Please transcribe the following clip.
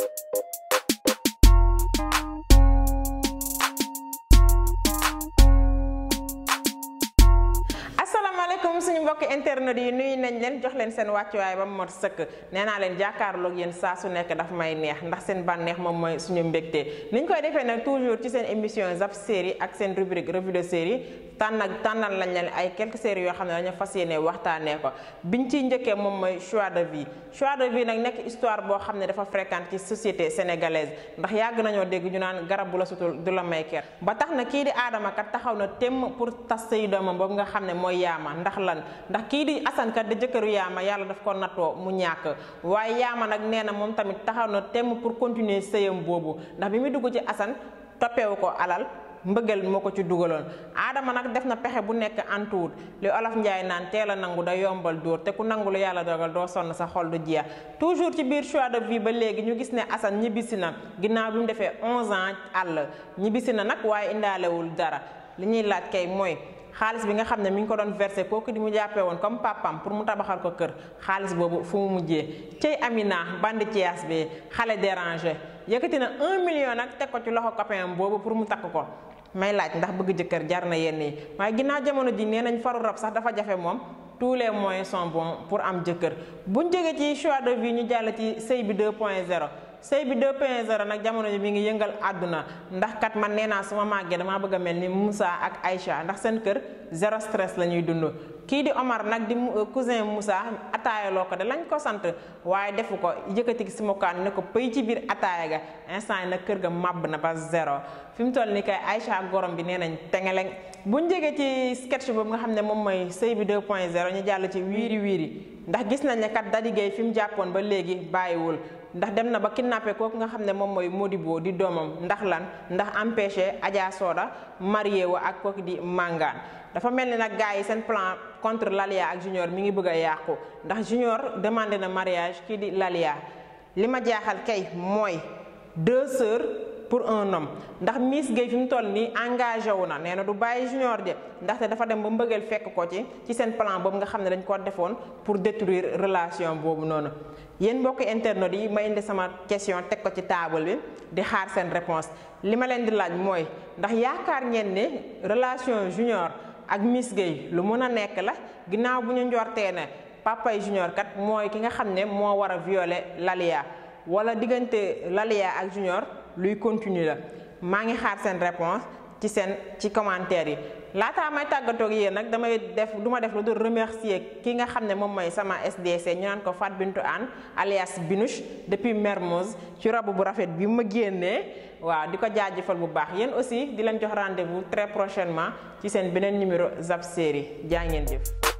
you suñu mbokk internet yi nuy nañ leen jox leen seen wàccuwaay ba mu mot sëkk nee naa leen jàkkaarloog yéen saa su nekk daf may neex ndax seen bànneex moom mooy suñu mbégte ni ñu koy defee nag toujours ci seen émission zap série ak seen rubrique revue de série tànn ak tànnal lañ leen ay quelques séries yoo xam ne dañu fas yéene waxtaanee ko ñu ciy njëkkee moom mooy choix de vie choix de vie nag nekk histoire boo xam ne dafa fréquente ci société sénégalaise ndax yàgg nañoo dégg ñu naan garab bu la sutul du la may ker ba tax na kii di aadama kat taxaw na temm pour tas say doomam boobu nga xam ne mooy yaama ndax kii di Assane kat di jëkkëru yaama yàlla daf ko nattoo mu ñàkk waaye yaama nag nee na moom tamit taxaw na temm pour continuer sëyam boobu ndax bi muy dugg ci Assane toppewu ko alal mbëggal moo ko ci dugaloon aadama nag def na pexe bu nekk antuwut li olof njaay naan teel a nangu da yombal dóor te ku nangu lu yàlla dogal doo sonn sa xol du jeex toujours ci biir choix de vie ba léegi ñu gis ne Assane ñibbisi na ginnaaw bi mu defee 11 ans àll ñibbisi na nag waaye indaalewul dara li ñuy laaj kay mooy xaalis bi nga xam ne mi ngi ko doon versé kooku di mu jàppee woon comme papam pour mu tabaxal ko kër xaalis boobu fu mu mujjee cey Amina bandi Thiès bi xale dérangé yëkkati na un million nag teg ko ci loxo copain boobu pour mu takk ko may laaj ndax bëgg jëkkër jar na yenn yi waaye ginnaaw jamono ji nee nañ faru rob sax dafa jafe moom tous les moyens sont bons pour am jëkkër buñ jógee ci choix de vie ñu jàll ci sëy bi 2.0 sëy bi 2.0 nag jamono ji ngi yëngal àdduna ndax kat man nee naa su màggee damaa bëgg a mel ni musa ak Aïcha ndax seen kër zéro stress la ñuy dund kii di Omar nag di euh, cousin Moussa ataayaloo ko de lañ ko sant waaye defu ko yëkkati si mokaan ne ko pëy ci biir ataaya ga instant yi nag kër ga màbb na ba zéro fi mu toll ni kay Aïcha gorom bi nee nañ tengeleng buñ jegee ci sketch boobu nga xam ne moom mooy sëy bi 2.0 ñu jàll ci wiiri wiiri ndax gis nañ ne kat Daddy Japon fi mu jàppoon ba léegi bàyyiwul ndax dem na ba kidnappé kooku nga xam ne Modibo di ndax lan ndax empêché Adja Soda marié wa ak di Mangane dafa mel ni plan contre Lalia ak Junior mi ngi a Junior demandé na mariage kii di Lalia. li ma kay deux pour un homme ndax Miss Gueye fim toll ni engagé wu néna du baye junior de té dafa dem ba mbeugël fekk ko ci ci sen plan boobu nga xamné dañ ko defoon pour détruire relation bobu non yeen mbokk internet yi ma indi sama question teg ko ci table bi di xaar sen réponse li ma leen di laaj moy ndax yaakar ngeen né relation junior ak Miss gay. lu mëna nek la ginaaw bu ñu njortee Papa papay junior kat moy ki nga xamné mo wara violer lalia wala diggante lalia ak junior lui continuer là. Mangi ngi xaar seen réponse ci sen ci commentaire yi laataa may tàggatoog yéen nak dama def duma def lu remercier ki nga xam mom moom sama SDC ñu naan ko Fat Bintou Anne alias Binouche depuis Mermoz ci robe bu rafet bi ma génnee waaw di ko bu baax yeen aussi di leen jox rendez-vous très prochainement ci sen benen numéro Zap Série jaa ngeen jëf